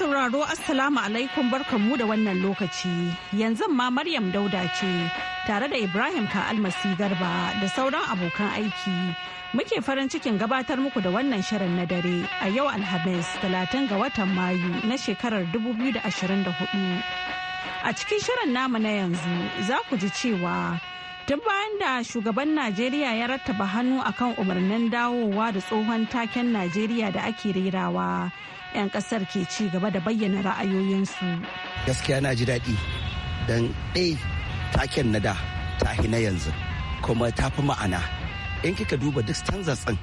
sauraro Assalamu alaikum barkanmu da wannan lokaci. Yanzu ma Maryam Dauda ce tare da Ibrahim Ka'almasi Garba da sauran abokan aiki. Muke farin cikin gabatar muku da wannan shirin na dare a yau Alhamis 30 ga watan Mayu na shekarar 2024. A cikin shirin namu na yanzu za ku ji cewa Tun bayan da shugaban Najeriya ya rattaba hannu akan umarnin dawowa da tsohon taken Najeriya da ake rerawa, 'yan kasar ke ci gaba da bayyana ra'ayoyinsu. Gaskiya na ji daɗi don ɗai taken na da ta na yanzu kuma ta fi ma'ana. In kika duba duk stanzas ɗin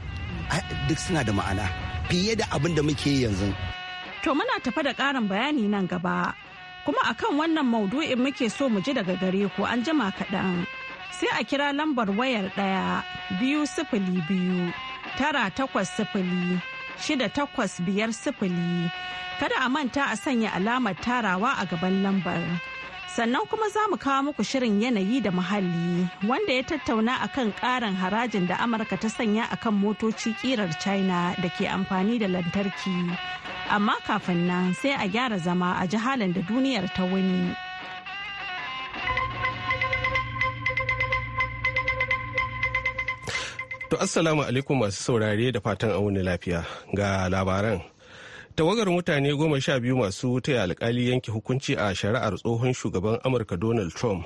duk suna da ma'ana fiye da abin da muke yanzu. To muna tafa da ƙarin bayani nan gaba. Kuma akan wannan maudu'in muke so mu ji daga gare ku an jima kaɗan. sai a kira lambar wayar ɗaya biyu sifili biyu tara takwas sifili shida takwas biyar sifili kada a manta a sanya alamar tarawa a gaban lambar. Sannan kuma za mu kawo muku shirin yanayi da muhalli wanda ya tattauna a kan ƙarin harajin da Amurka ta sanya akan motoci ƙirar China da ke amfani da lantarki. Amma kafin nan sai a gyara zama a jihalin da duniyar ta wuni. To assalamu alaikum masu saurare da fatan wuni lafiya ga labaran. Tawagar mutane goma sha biyu masu taya alkali yanke hukunci a shari'ar tsohon shugaban Amurka Donald Trump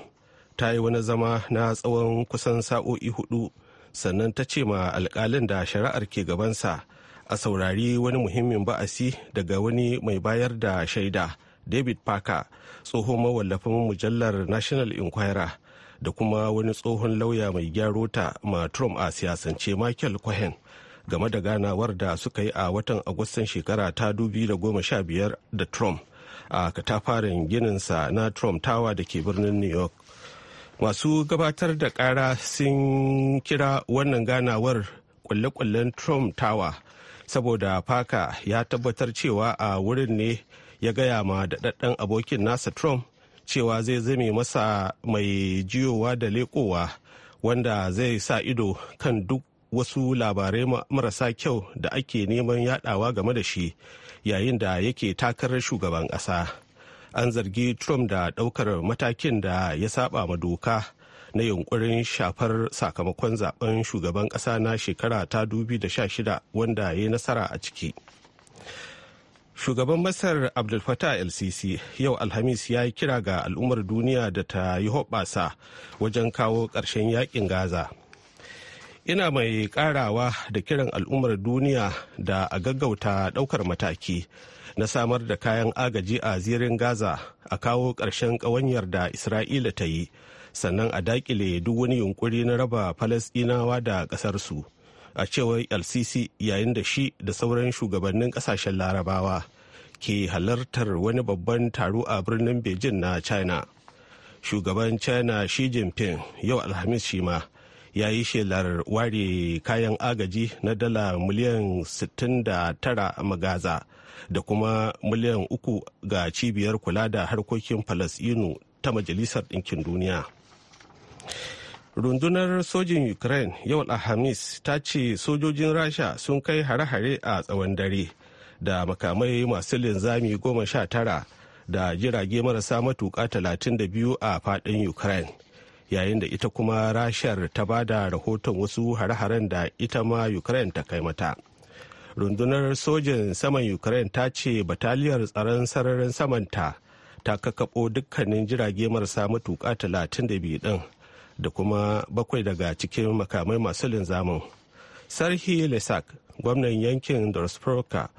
ta yi wani zama na tsawon kusan sa'o'i hudu sannan ta ce ma alkalin da shari'ar ke gabansa a saurari wani muhimmin ba'asi daga wani mai bayar da shaida david parker tsohon mawallafin mujallar national inquirer da kuma wani tsohon lauya mai gyaro ta ma Trump a siyasance Michael Cohen game da ganawar da suka yi a watan Agustan shekara ta 2015 da Trump a katafaren gininsa na Trump Tower da ke birnin New York. Masu gabatar da kara sun kira wannan ganawar kwalle-kwallen Trump Tower saboda faka ya tabbatar cewa a wurin ne ya gaya ma daɗaɗɗen abokin nasa Trump cewa zai zame masa mai jiyowa da leƙowa wanda zai sa ido kan duk wasu labarai marasa kyau da ake neman yadawa game da shi yayin da yake takarar shugaban ƙasa an zargi trump da ɗaukar matakin da ya saba ma doka na yunkurin shafar sakamakon zaben shugaban ƙasa na shekara ta 2016 wanda ya yi nasara a ciki. Shugaban Masar Abdul Fattah el yau Alhamis ya yi kira ga al'ummar duniya da ta yi hoɓasa wajen kawo ƙarshen yakin Gaza. Ina mai ƙarawa da kiran al'ummar duniya da a gaggauta ɗaukar mataki na samar da kayan agaji a zirin Gaza a kawo ƙarshen ƙawanyar da Isra'ila ta yi, sannan a daƙile duk wani yunƙuri na raba Falasɗinawa da ƙasarsu. a cewar lcc yayin da shi da sauran shugabannin kasashen larabawa ke halartar wani babban taro a birnin beijing na china shugaban china shi jinping yau alhamis shi ma ya yi shelar ware kayan agaji na dala miliyan 69 magaza da kuma miliyan uku ga cibiyar kula da harkokin falasinu ta majalisar ɗinkin duniya rundunar sojin ukraine yau alhamis ta ce sojojin rasha sun kai hare-hare a tsawon dare da makamai masu linzami goma sha tara da jirage marasa matuka talatin da biyu a fadin ukraine yayin da ita kuma rashar ta ba da rahoton wasu hare-haren da ita ma ukraine ta kai mata rundunar sojin saman ukraine ta ce bataliyar tsaron sararin samanta ta kakaɓo dukkanin jirage marasa matuka talatin da biyu din da kuma bakwai daga cikin makamai masu linzamin sarhi lesak gwamnan yankin dorsproka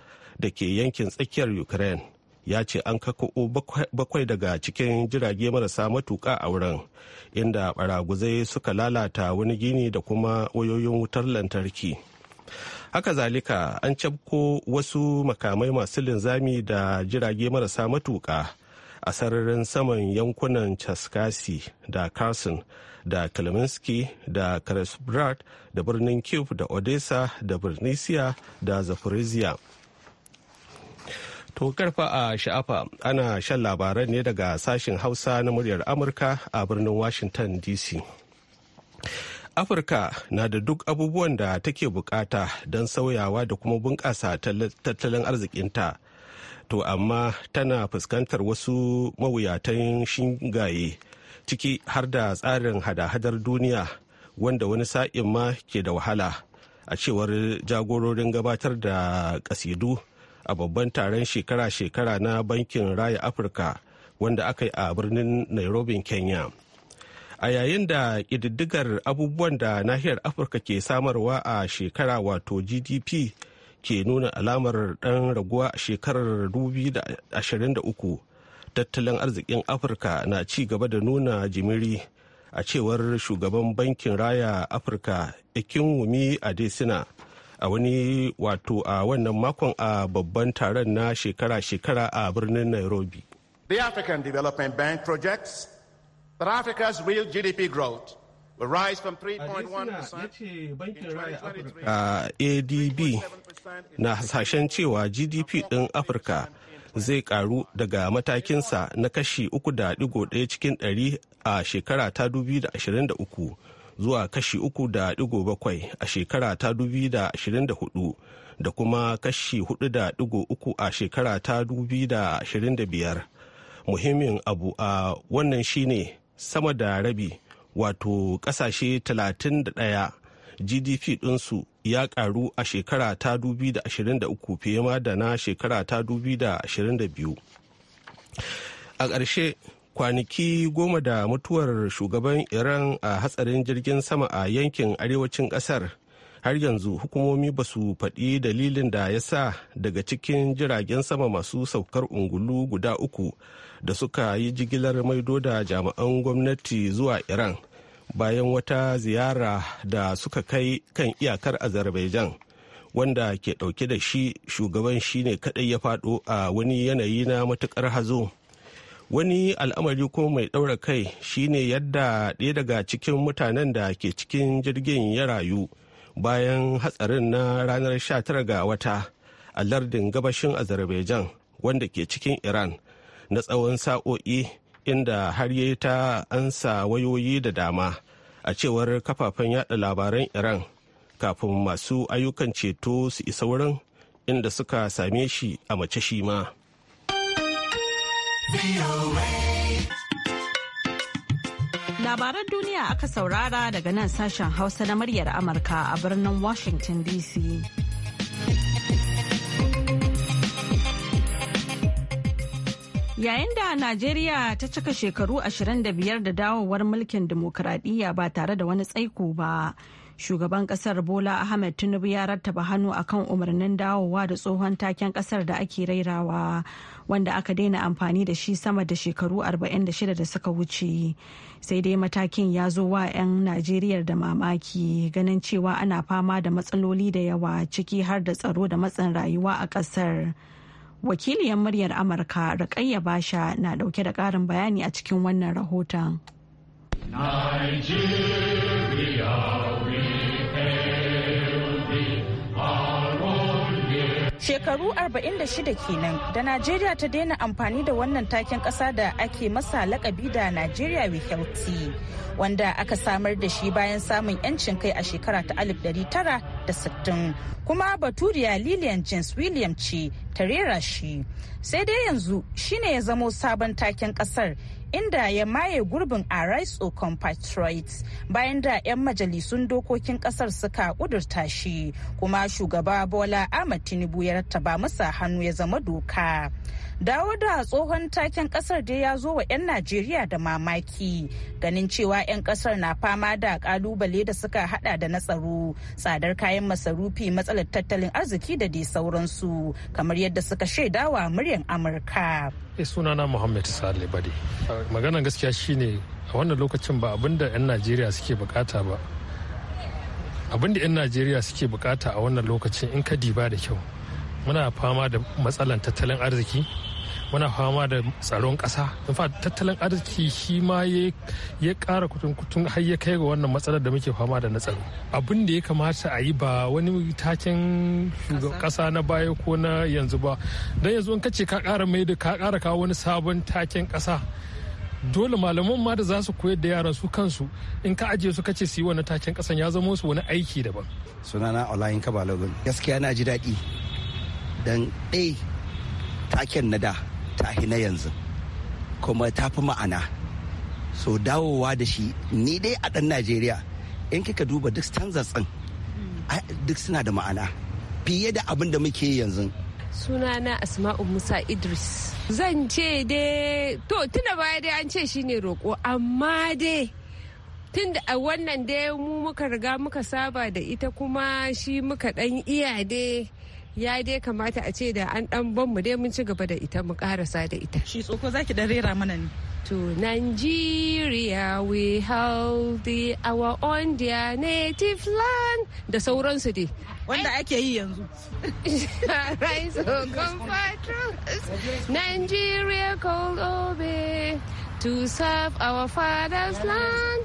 da ke yankin tsakiyar ukraine ya ce an kakao bakwai daga cikin jirage marasa matuka a wurin inda baraguzai suka lalata wani gini da kuma wayoyin wutar lantarki haka zalika an cafko wasu makamai masu linzami da jirage marasa matuka a sararin saman yankunan chaskasi da carson da Kalaminski da Karasbrad da birnin Kyiv da Odessa da Birnisiya da Zaporizhia. To karfa a sha'afa ana shan labaran ne daga sashen Hausa na muryar Amurka a birnin Washington DC. Afirka na da duk abubuwan da take bukata don sauyawa da kuma bunƙasa tattalin arzikinta. To amma tana fuskantar wasu mawuyatan shingaye ciki har da tsarin hada-hadar duniya wanda wani sa'in ma ke da wahala a cewar jagororin gabatar da kasidu a babban taron shekara-shekara na bankin raya afirka wanda aka yi a birnin nairobi kenya a yayin da ƙididdigar abubuwan da nahiyar afirka ke samarwa a shekara wato gdp ke nuna alamar ɗan raguwa a shekarar 2023 tattalin arzikin afirka na ci gaba da nuna jimiri a cewar shugaban bankin raya afirka ikin wumi a a wani wato a wannan makon a babban taron na shekara-shekara a birnin nairobi the african development bank projects that africa's real gdp growth rise from 3.1% a adb na hasashen cewa gdp ɗin afirka zai karu daga matakinsa na kashi 3.1 cikin 100 a shekara ta 2023 zuwa kashi 3.7 a shekara ta 2024 da kuma kashi 4.3 a shekara ta 2025 muhimmin abu a wannan shine sama da rabi wato kasashe 31 gdp ɗinsu ya karu a shekara ta 2023 fiye ma da na shekara ta 2022 a ƙarshe kwanaki goma da mutuwar shugaban iran a hatsarin jirgin sama a yankin arewacin ƙasar har yanzu hukumomi ba su faɗi dalilin da ya sa daga cikin jiragen sama masu saukar ungulu guda uku da suka yi jigilar maido da jami'an gwamnati zuwa iran bayan wata ziyara da suka kai kan iyakar azerbaijan wanda ke ɗauke da shi shugaban shi ne kaɗai ya faɗo a wani yanayi na matukar hazo wani al'amari kuma mai ɗaura kai shine yadda ɗaya daga cikin mutanen da ke cikin jirgin ya rayu bayan hatsarin na ranar 19 ga wata a lardin gabashin azerbaijan wanda ke cikin iran na tsawon sa'o'i inda har yi ta ansa wayoyi da dama a cewar kafafen yada labaran iran kafin masu ayyukan ceto su isa wurin inda suka same shi a mace shi ma labaran duniya aka saurara daga nan sashen hausa na muryar amurka a birnin washington dc Yayin da Najeriya ta cika shekaru 25 da dawowar mulkin dimokuraɗiyya ba tare da wani tsaiko ba, shugaban ƙasar Bola Ahmed Tinubu ya rattaba hannu akan umarnin dawowa da tsohon taken ƙasar da ake rairawa wanda aka daina amfani da shi sama da shekaru 46 da suka wuce. Sai dai matakin ya zo wa 'yan Najeriya da mamaki ganin cewa ana fama da matsaloli da yawa ciki har da tsaro da matsin rayuwa a ƙasar. wakiliyar muryar amurka rakayya basha na ɗauke da ƙarin bayani a cikin wannan rahoton Shekaru 46 kenan da Najeriya ta daina amfani da wannan taken kasa da ake masa lakabi da Najeriya We Healthy, wanda aka samar da shi bayan samun 'yancin kai a shekara ta 1960. Kuma Baturiya Lillian James William ce ta rera shi. Sai dai yanzu shine ya zamo sabon taken kasar. inda ya maye gurbin a rights of compatriots bayan da 'yan majalisun dokokin kasar suka kudurta shi kuma shugaba bola ahmad tinubu ya rattaba masa hannu ya zama doka dawo da tsohon taken kasar da ya zo wa 'yan najeriya da mamaki ganin cewa 'yan kasar na fama da kalubale da suka hada da na tsaro tsadar kayan masarufi matsalar tattalin arziki da dai sauransu kamar yadda suka shaidawa muryan amurka eh, sunana muhammad sale bade magana gaskiya shine a wannan lokacin ba abin da 'yan najeriya suke bukata ba abin da 'yan najeriya suke bukata a wannan lokacin in ka diba da kyau muna fama da matsalar tattalin arziki muna fama da tsaron kasa in fa tattalin arziki shi ma ya kara kutun kutun har ya kai ga wannan matsalar da muke fama da na tsaro abin da ya kamata a yi ba wani takin shugaban ƙasa na baya ko na yanzu ba don yanzu in ka ce ka ƙara mai da ka ƙara kawo wani sabon takin kasa dole malaman ma da za su koyar da yaran su kansu in ka ajiye su kace su yi wani takin kasan ya zama su wani aiki daban sunana olayin kabalogun gaskiya na ji daɗi don ɗai eh, taken na da ta na yanzu kuma ta fi ma'ana so dawowa da shi ni dai a ɗan najeriya in kika duba duk standards duk suna da ma'ana fiye da abin da muke yanzu sunana asma'u musa idris zan ce dai to tuna baya dai an ce shine roƙo amma dai tun da a wannan dai mu muka riga muka saba da ita kuma shi muka ɗan iya dai ya dai kamata a ce da an dan ban dai mun ci gaba da ita mu karasa da ita shi tsoko zaki dan rera mana ne to Nigeria we hold the, our own their native land da sauransu dai wanda ake yi yanzu rise o compatriots Nigeria called obey to serve our father's land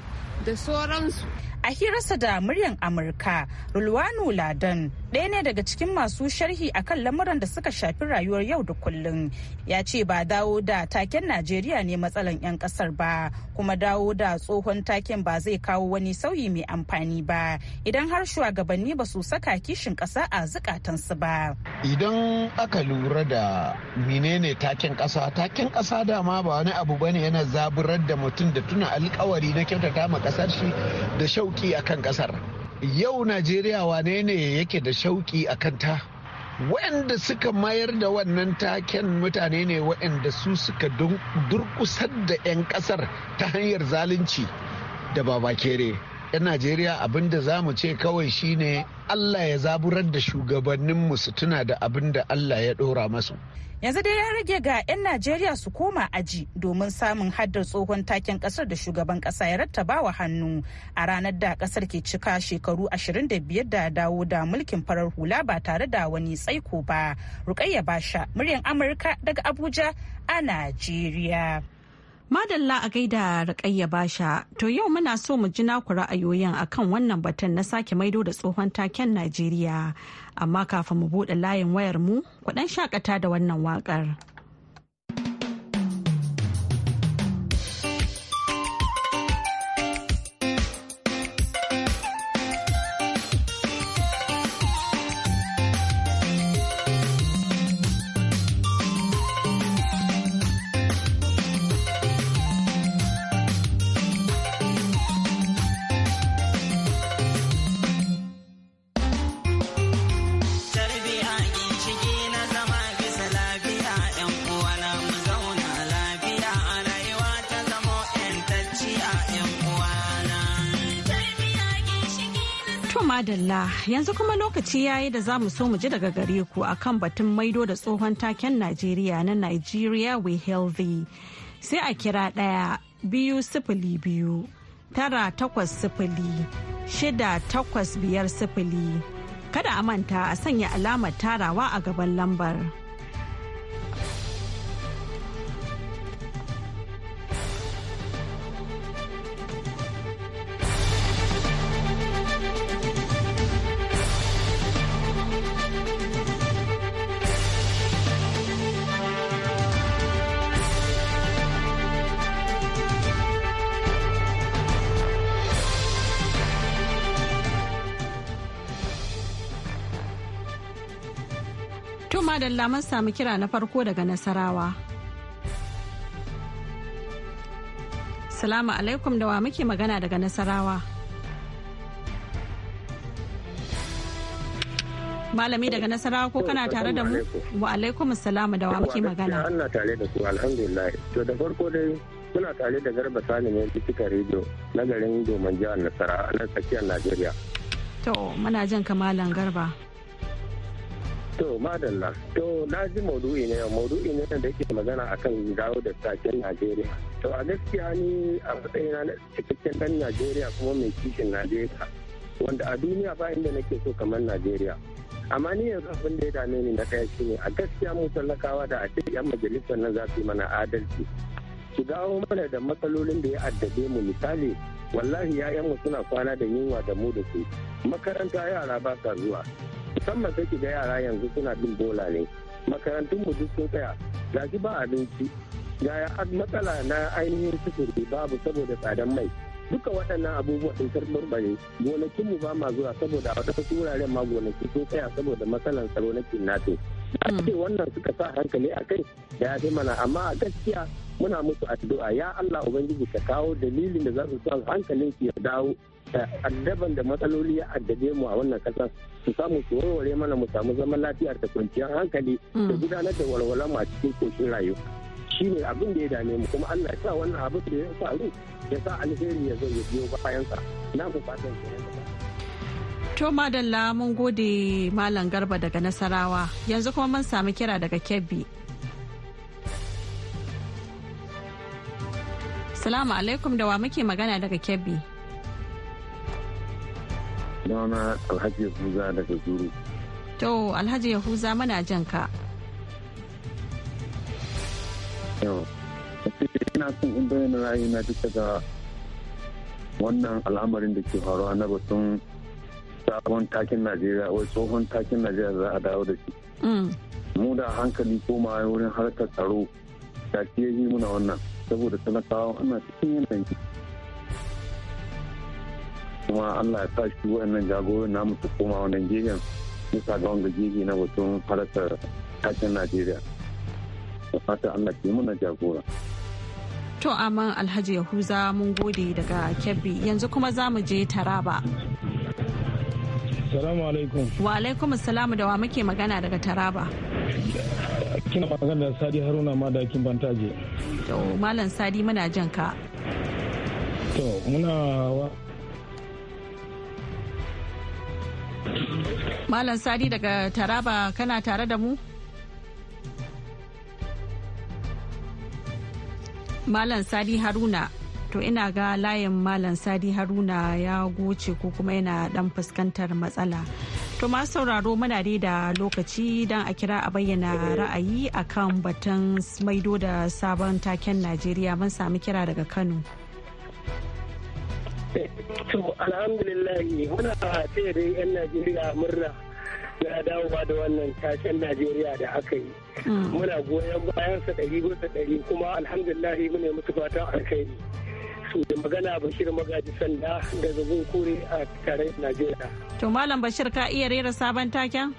da sauransu a hirarsa da muryan amurka rulwanu ladan ɗaya ne daga cikin masu sharhi akan lamuran da suka shafi rayuwar yau da kullun ya ce ba dawo da taken najeriya ne matsalan 'yan kasar ba kuma dawo da tsohon taken ba zai kawo wani sauyi mai amfani ba idan har shugabanni ba su saka kishin ƙasa a zukatansu ba idan aka lura da menene taken ƙasa taken ƙasa dama ba wani abu bane yana zaburar da mutum da tuna alkawari na kyautata ma ƙasar shi da shauki shauki akan kasar yau najeriya wane ne yake da shauki a ta waɗanda suka mayar da wannan taken mutane ne waɗanda su suka durkusar da 'yan ƙasar ta hanyar zalunci da babakere 'yan najeriya abin da za mu ce kawai shine allah ya zaburar da shugabanninmu su tuna da abin da allah ya ɗora masu yanzu dai ya rage ga 'yan najeriya su koma aji domin samun haddar tsohon taken kasar da shugaban kasa ya rattaba wa hannu a ranar da kasar ke cika shekaru 25 da dawo da mulkin farar hula ba tare da wani tsaiko ba rukayya basha muryan amurka daga abuja a najeriya Madalla a gaida Rakayya Basha, to yau muna so mu ji naku ra'ayoyin akan wannan batun na sake maido da tsohon taken Najeriya. Amma kafin mu buɗe layin wayar mu, kuɗan shakata da wannan waƙar. madalla yanzu kuma lokaci ya yi da za mu so mu ji daga gare ku a kan batun maido da tsohon taken Najeriya na Nigeria we healthy. Sai a kira ɗaya biyu sifili biyu tara takwas sifili shida takwas biyar sifili. Kada a manta a sanya alamar tarawa a gaban lambar. ma da mun samu kira na farko daga Nasarawa. Salamu alaikum da wa muke magana daga Nasarawa. Malami daga Nasarawa ko kana tare da mu? Wa alaikum salamu da wa muke magana. Ana tare da ku alhamdulillah. To da farko dai muna tare da Garba Sani ne cikin rediyo na garin Domin jihar Nasarawa a nan tsakiyar Najeriya. To muna jan kamalan Garba. To madalla, to na ji maudu'i ne, maudu'i ne da yake magana a kan dawo da taken Najeriya. To a gaskiya ni a matsayina na cikakken ɗan Najeriya kuma mai kishin Najeriya, wanda a duniya ba inda nake so kamar Najeriya. Amma ni yanzu abin da ya dame ni na ɗaya shi ne a gaskiya mu talakawa da a ce 'yan majalisar nan za su yi mana adalci. Su dawo mana da matsalolin da ya addabe mu misali wallahi 'ya'yanmu suna kwana da yunwa da mu da su makaranta yara ba sa zuwa musamman sai ga yara yanzu suna bin bola ne makarantun mu duk sun tsaya ga shi ba abinci ga matsala na ainihin sufuri babu saboda tsadan mai duka waɗannan abubuwa sun tarbarbare gonakin mu ba ma zuwa saboda a wasu wuraren ma gonaki sun tsaya saboda matsalan tsaro na kinnafin ake hmm. wannan suka sa hankali a kai da ya fi mana amma a gaskiya muna musu addu'a ya Allah ubangiji ka kawo dalilin da za su sa hankalin ki ya dawo da addaban da matsaloli ya addabe mu a wannan kasar su samu su mana mu samu zaman lafiya da kwanciyar hankali da mm. gudanar da walwalan a cikin koshin rayuwa ne abin da ya dame mu kuma Allah ya sa wannan abu da ya faru ya sa alheri ya zo ya biyo bayan sa na mu fatan To madalla mun gode Malam Garba daga Nasarawa yanzu kuma mun sami kira daga Kebbi. Salamu alaikum da wa muke magana daga Kebbi. Sunana Alhaji Yahuza daga Zuru. To Alhaji Yahuza mana jan ka. Yau, ina son in bayyana na duka ga wannan al'amarin da ke faruwa na batun sabon takin Najeriya, wai tsohon takin Najeriya za a dawo da shi. Mm. Mu da hankali koma wurin harkar tsaro, da ke yi muna wannan, saboda talakawa ana cikin yanayi. kuma allah ya sa shi wa'annan jagorin namu su koma wannan gegen bisa ga wanda gege na batun harkar kashin najeriya da fata allah ke muna jagora to aman alhaji yahuza mun gode daga kebbi yanzu kuma za mu je taraba Salamu alaikum. Wa alaikum salamu da wa muke magana daga Taraba. Kina magana da Sadi Haruna ma da kin bantaje. To Malam Sadi muna jan ka. To muna Malam Sadi daga Taraba kana tare da mu? Malam Sadi Haruna to ina ga layin Malam Sadi Haruna ya goce ko kuma yana dan fuskantar matsala. To masu sauraro muna dai da lokaci don a kira a bayyana ra'ayi akan batun maido da sabon taken Najeriya mun sami kira daga Kano. To alhamdulillah muna taya dai 'yan Najeriya murna na dawowa da wannan tashen Najeriya da aka yi. Mm. Muna goyon bayan sa ɗari bisa ɗari kuma alhamdulillah muna musu fatan alkhairi. Su da magana Bashir Magaji Sanda da zubin kure a tare Najeriya. To Malam Bashir ka iya rera sabon taken?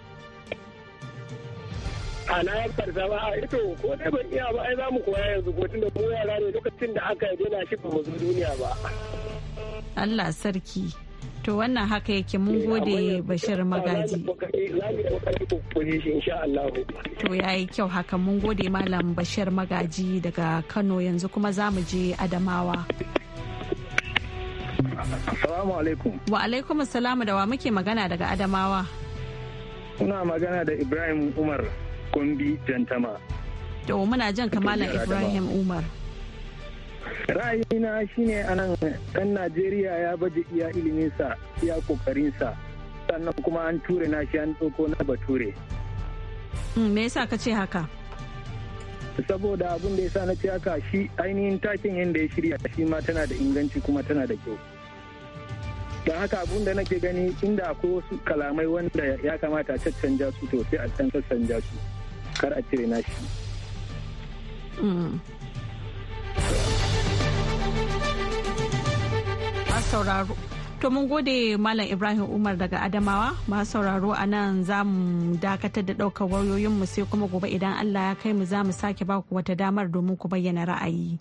a na yankar zama a ito ko dai ban iya ba ai za mu koya yanzu ko tunda mu yara ne lokacin da aka daina shi ba mu zo duniya ba. Allah sarki to wannan haka yake mun gode bashir magaji to ya yi kyau haka mun gode malam bashir magaji daga kano yanzu kuma za mu je adamawa Assalamu alaikum. Wa alaikum assalamu da wa muke magana daga Adamawa. Muna magana da Ibrahim Umar Kundi Jantama. To muna jan kamalan Ibrahim Umar. ra'ayina shine anan ɗan najeriya ya baje iya iliminsa iya kokarinsa sannan kuma an ture na shi an ɗauko na bature hmm, me yasa ka ce haka saboda abin da yasa na ce haka shi ainihin takin yadda ya shirya shi ma tana da inganci kuma tana da kyau da haka abin da nake gani inda akwai wasu kalamai wanda ya kamata a caccanja su to sai a can caccanja su kar a cire nashi. Hmm. sauraro. To mun gode Malam Ibrahim Umar daga Adamawa masu sauraro a nan za mu dakatar da ɗaukar mu sai kuma gobe idan Allah ya kai mu za mu sake ba ku wata damar domin ku bayyana ra'ayi.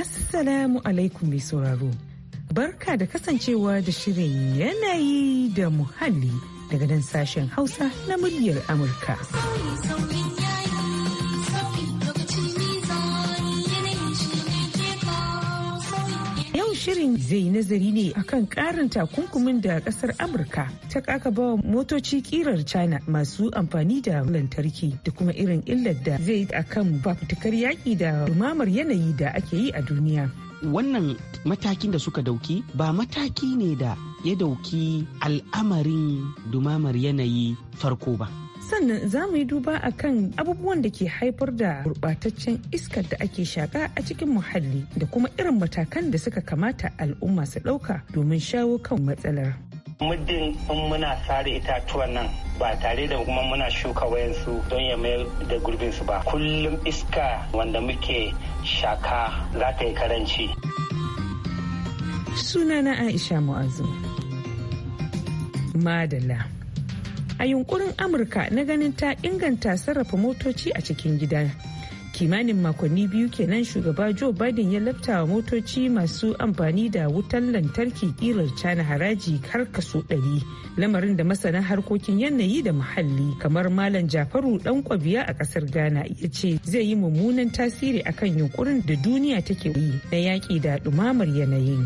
Assalamu alaikum mai sauraro. Barka da kasancewa da shirin yanayi da muhalli daga nan sashen Hausa na muryar Amurka. Yau shirin zai nazari ne akan karin takunkumin da kasar Amurka ta kaka bawa motoci kirar China masu amfani da lantarki da kuma irin illar da zai akan fafutukar yaƙi da dumamar yanayi da ake yi a duniya. wannan matakin da suka dauki ba mataki ne da ya dauki al'amarin dumamar yanayi farko ba sannan za mu yi duba a kan abubuwan da ke haifar da gurɓataccen iskar da ake shaƙa a cikin muhalli da kuma irin matakan da suka kamata al'umma su ɗauka domin shawo kan matsalar. muddin in muna sare itatuwan nan ba tare da kuma muna shuka wayansu don ya mayar da gurbinsu ba kullum iska wanda muke shaka za ta yi karanci sunana aisha mu'azu madala a yunkurin amurka na ganin ta inganta sarrafa motoci a cikin gida kimanin makonni biyu kenan shugaba joe biden ya lafta wa motoci masu amfani da wutan lantarki kirar cana haraji har kaso 100 lamarin da masana harkokin yanayi da muhalli kamar malam jafaru dan kwabiya a kasar ghana ya ce zai yi mummunan tasiri akan yunkurin da duniya take yi na yaƙi da dumamar yanayi.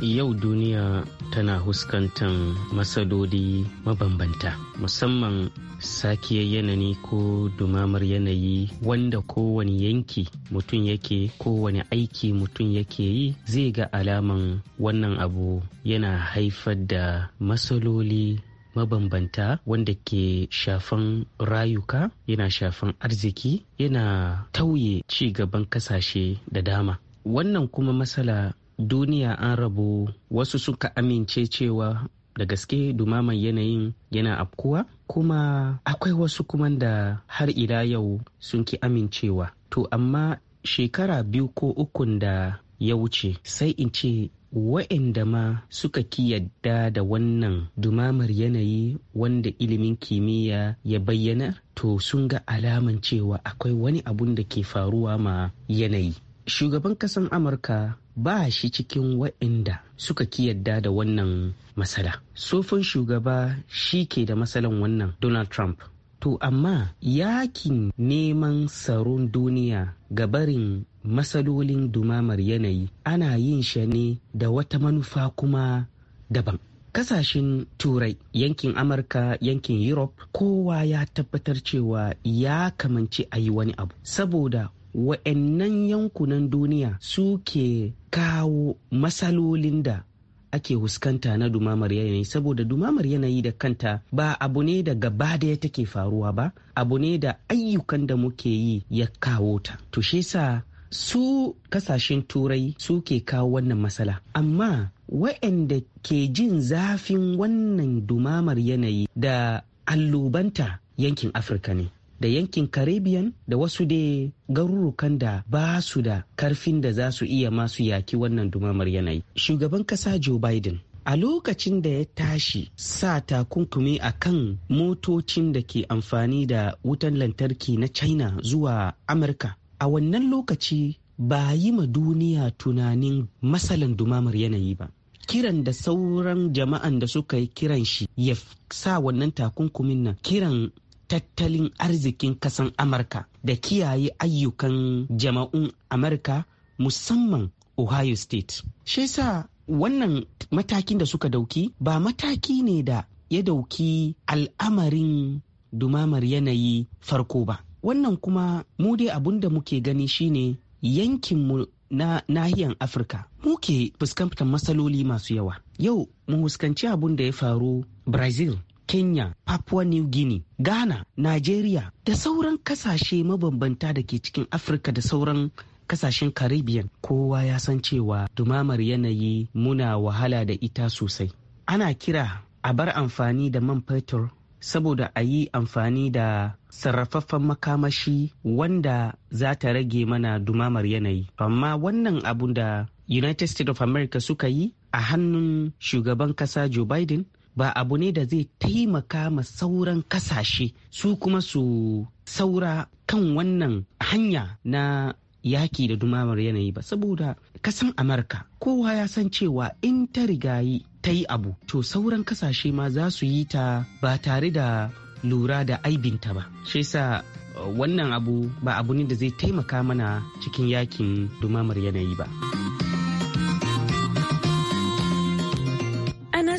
yau duniya tana huskantan matsaloli mabambanta musamman sakiyar yanayi ko dumamar yanayi wanda kowane yanki mutum yake kowane aiki mutum yake yi zai ga alaman wannan abu yana haifar da matsaloli mabambanta wanda ke shafan rayuka yana shafan arziki yana tauye ci gaban kasashe da dama wannan kuma matsala duniya an rabu wasu suka amince cewa da gaske dumaman yanayin yana afkuwa kuma akwai wasu kuma da har ila yau sun ki amincewa to amma shekara biyu ko ukun da ya wuce sai in ce wa'inda ma suka ki yadda da wannan dumamar yanayi wanda ilimin kimiyya ya bayyana to sun ga alaman cewa akwai wani abun da ke faruwa ma yanayi shugaban kasan amurka ba shi cikin waɗanda suka kiyarda da wannan matsala. Tsofin shugaba shi ke da masalan wannan Donald Trump. To amma yakin neman tsaron duniya ga barin matsalolin dumamar yanayi ana yin shi ne da wata manufa kuma daban. Kasashen Turai, yankin Amurka, yankin Europe, kowa ya tabbatar cewa ya kamanci a yi wani abu. Saboda wa'annan yankunan duniya suke kawo matsalolin da ake huskanta na dumamar yanayi saboda dumamar yanayi da kanta ba abu ne da gaba daya take faruwa ba abu ne da ayyukan da muke yi ya kawo ta to shi sa su kasashen turai suke kawo wannan matsala amma wa'anda ke jin zafin wannan dumamar yanayi da allubanta yankin afirka ne da yankin caribbean da wasu dai garurukan da ba su da karfin da za su iya masu yaki wannan dumamar yanayi shugaban kasa joe biden a lokacin da ya tashi sa takunkumi a kan motocin da ke amfani da wutan lantarki na china zuwa amurka a wannan lokaci ba yi ma duniya tunanin masalan dumamar yanayi ba kiran da sauran jama'an da suka yi kiran shi ya sa wannan takunkumin nan kiran tattalin arzikin kasan amurka da kiyaye ayyukan jama'un amurka musamman ohio state shi sa wannan matakin da suka dauki ba mataki ne da ya dauki al'amarin dumamar yanayi farko ba wannan kuma mu dai abun da muke gani shine yankinmu na nahiyan afirka muke fuskantar matsaloli masu yawa yau mu fuskanci abun da ya faru brazil kenya papua new guinea ghana nigeria da sauran kasashe mabambanta da ke cikin afirka da sauran kasashen caribbean kowa ya san cewa dumamar yanayi muna wahala da ita sosai ana kira a bar amfani da man fetur saboda a yi amfani da sarrafaffen makamashi wanda za ta rage mana dumamar yanayi amma wannan abun da united states of america suka yi a hannun shugaban kasa joe biden ba abu ne da zai taimaka ma sauran kasashe su kuma su saura kan wannan hanya na yaki da dumamar yanayi ba saboda kasan amurka kowa ya san cewa in ta rigayi ta yi abu to sauran kasashe ma za su yi ta ba tare da lura da aibinta ba shi sa uh, wannan abu ba abu ne da zai taimaka mana cikin yakin dumamar yanayi ba.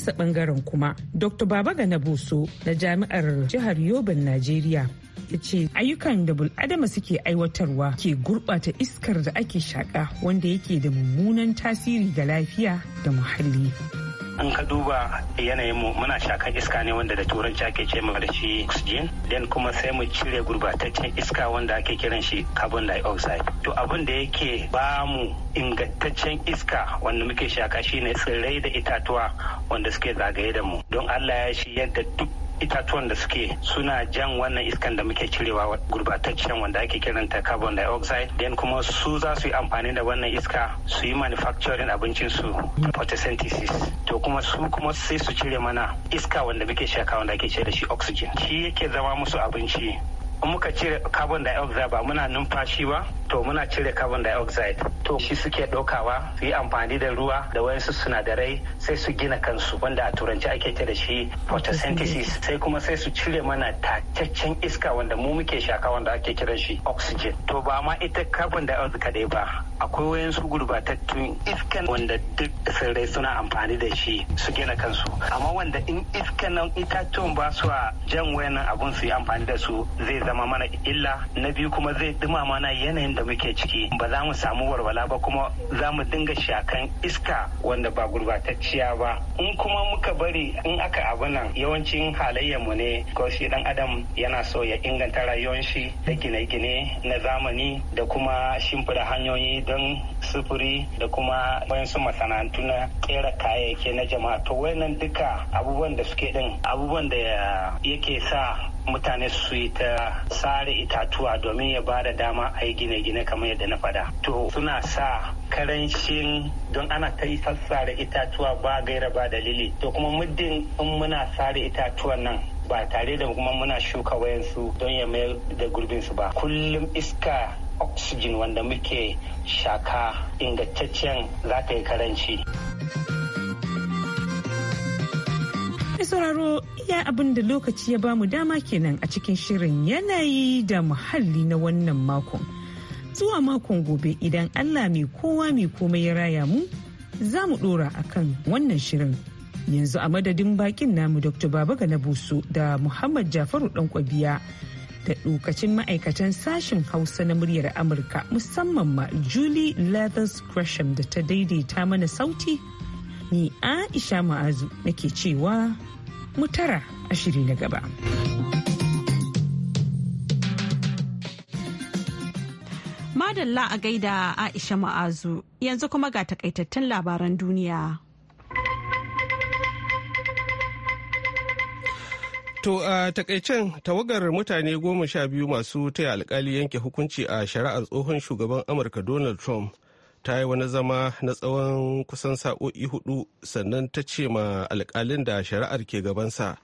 nasa bangaren kuma dr baba gana buso na jami'ar jihar yobin najeriya ya ce ayyukan da bul'adama suke aiwatarwa ke gurɓata iskar da ake shaƙa wanda yake da mummunan tasiri ga lafiya da muhalli an ka duba yanayin mu muna shakan iska ne wanda da turanci ake ce da shi oxygen den kuma sai mu cire gurbataccen iska wanda ake kiran shi carbon dioxide to abin da yake ba mu ingantaccen iska wanda muke shaka shine tsirrai da itatuwa wanda suke zagaye da mu don Allah ya shi yadda duk itatuwan da suke suna jan wannan iskan da muke cirewa gurbataccen wanda ake kiranta carbon dioxide den kuma su za su yi amfani da wannan iska su yi manufacturing abincin su photosynthesis to kuma su kuma sai su cire mana iska wanda muke shaka wanda ake ce da shi oxygen shi yake zama musu abinci muka cire carbon dioxide ba muna numfashi ba to muna cire carbon dioxide to shi suke ɗaukawa su yi amfani da ruwa da wayansu sinadarai sai su gina kansu wanda a turanci ake ce da shi photosynthesis sai kuma sai su cire mana tataccen iska wanda mu muke shaka wanda ake kiran shi oxygen to ba ma ita carbon dioxide kadai ba akwai wayansu gurbatattun iskan wanda duk tsirrai suna amfani da shi su gina kansu amma wanda in iskan nan itatuwan ba su a jan wayannan abun su yi amfani da su zai zama mana illa na biyu kuma zai dumama na yanayin da muke ciki ba za mu samu walwala ba kuma za mu dinga shakan iska wanda ba gurbatacciya ba in kuma muka bari in aka abu nan yawancin mu ne ko shi dan adam yana so ya inganta rayuwar shi da gine-gine na zamani da kuma shimfiɗa hanyoyi don sufuri da kuma wayansu masana'antu na kera kayayyaki na jama'a to wayannan duka abubuwan da suke din abubuwan da yake sa mutane su yi ta sare itatuwa domin ya ba da dama a yi gine-gine kamar yadda na fada to suna sa karancin don ana ta yi sassare itatuwa ba gaira ba dalili to kuma muddin in muna sare itatuwan nan ba tare da kuma muna shuka wayansu don ya mayar da gurbinsu ba kullum iska oxygen wanda muke shaka ingantaccen za ta yi karanci. Mai sauraro iya abin da lokaci ya bamu dama kenan a cikin shirin yanayi da muhalli na wannan makon. Zuwa makon gobe idan Allah mai kowa mai komai ya raya mu, za mu dora kan wannan shirin. Yanzu a madadin bakin namu Dr. Baba busu da Muhammad Jafaru Kwabiya da lokacin ma'aikatan sashin Hausa na muryar Amurka musamman ma Julie Leathers Gresham da ta daidaita mana sauti ni Aisha Ma'azu nake cewa mu tara a shiri na gaba. Madalla a gaida Aisha Ma'azu yanzu kuma ga takaitattun labaran duniya. To a takaicen tawagar mutane goma sha biyu masu taya alkali yanke hukunci a shari'ar tsohon shugaban Amurka Donald Trump ta yi wani zama na tsawon kusan sa'o'i hudu sannan ta ce ma alkalin da shari'ar ke gabansa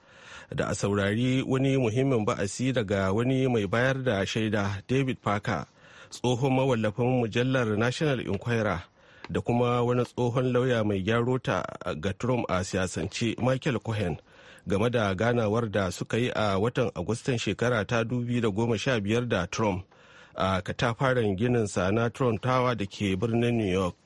da a saurari wani muhimmin ba'asi daga wani mai bayar da shaida david parker tsohon mawallafin mujallar national inquirer da kuma wani tsohon lauya mai gyaro ta ga trump a siyasance michael cohen game da ganawar da suka yi a watan agustan shekara ta biyar da trump a katafaren sa na Trump Tower da ke birnin New York.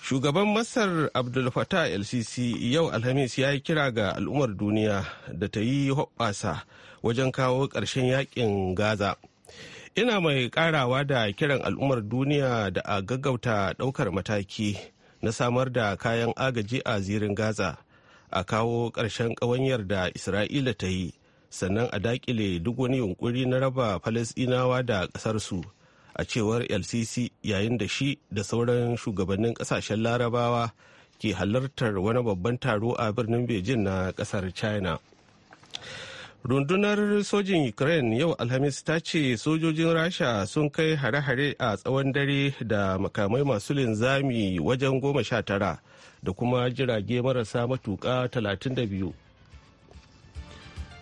Shugaban Masar Abdul LCC yau Alhamis ya yi kira ga al'ummar duniya da ta yi hoɓɓasa wajen kawo ƙarshen yakin Gaza. Ina mai ƙarawa da kiran al'ummar duniya da a gaggauta ɗaukar mataki na samar da kayan agaji a zirin Gaza a kawo ƙarshen ƙawanyar da Isra'ila ta yi sannan a dakile duk wani yunkuri na raba falasɗinawa da ƙasarsu a cewar lcc yayin da shi da sauran shugabannin ƙasashen larabawa ke halartar wani babban taro a birnin beijing na ƙasar china rundunar sojin ukraine yau alhamis ta ce sojojin rasha sun kai hare-hare a tsawon dare da makamai masu linzami wajen goma sha tara da kuma jirage marasa matuka biyu.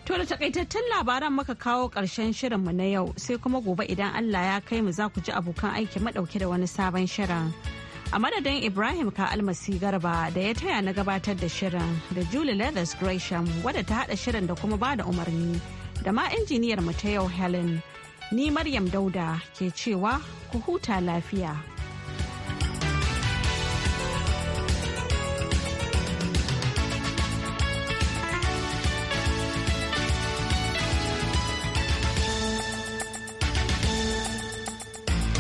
To da takaitattun labaran muka kawo ƙarshen shirinmu na yau sai kuma gobe idan Allah ya kai mu za ku ji abokan aiki madauke da wani sabon shirin. A madadin Ibrahim ka almasi garba da ya taya na gabatar da shirin da Julie Leathers Gresham wadda ta haɗa shirin da kuma ba da umarni da ma injiniyar mu ta yau Helen. Ni Maryam Dauda ke cewa ku huta lafiya.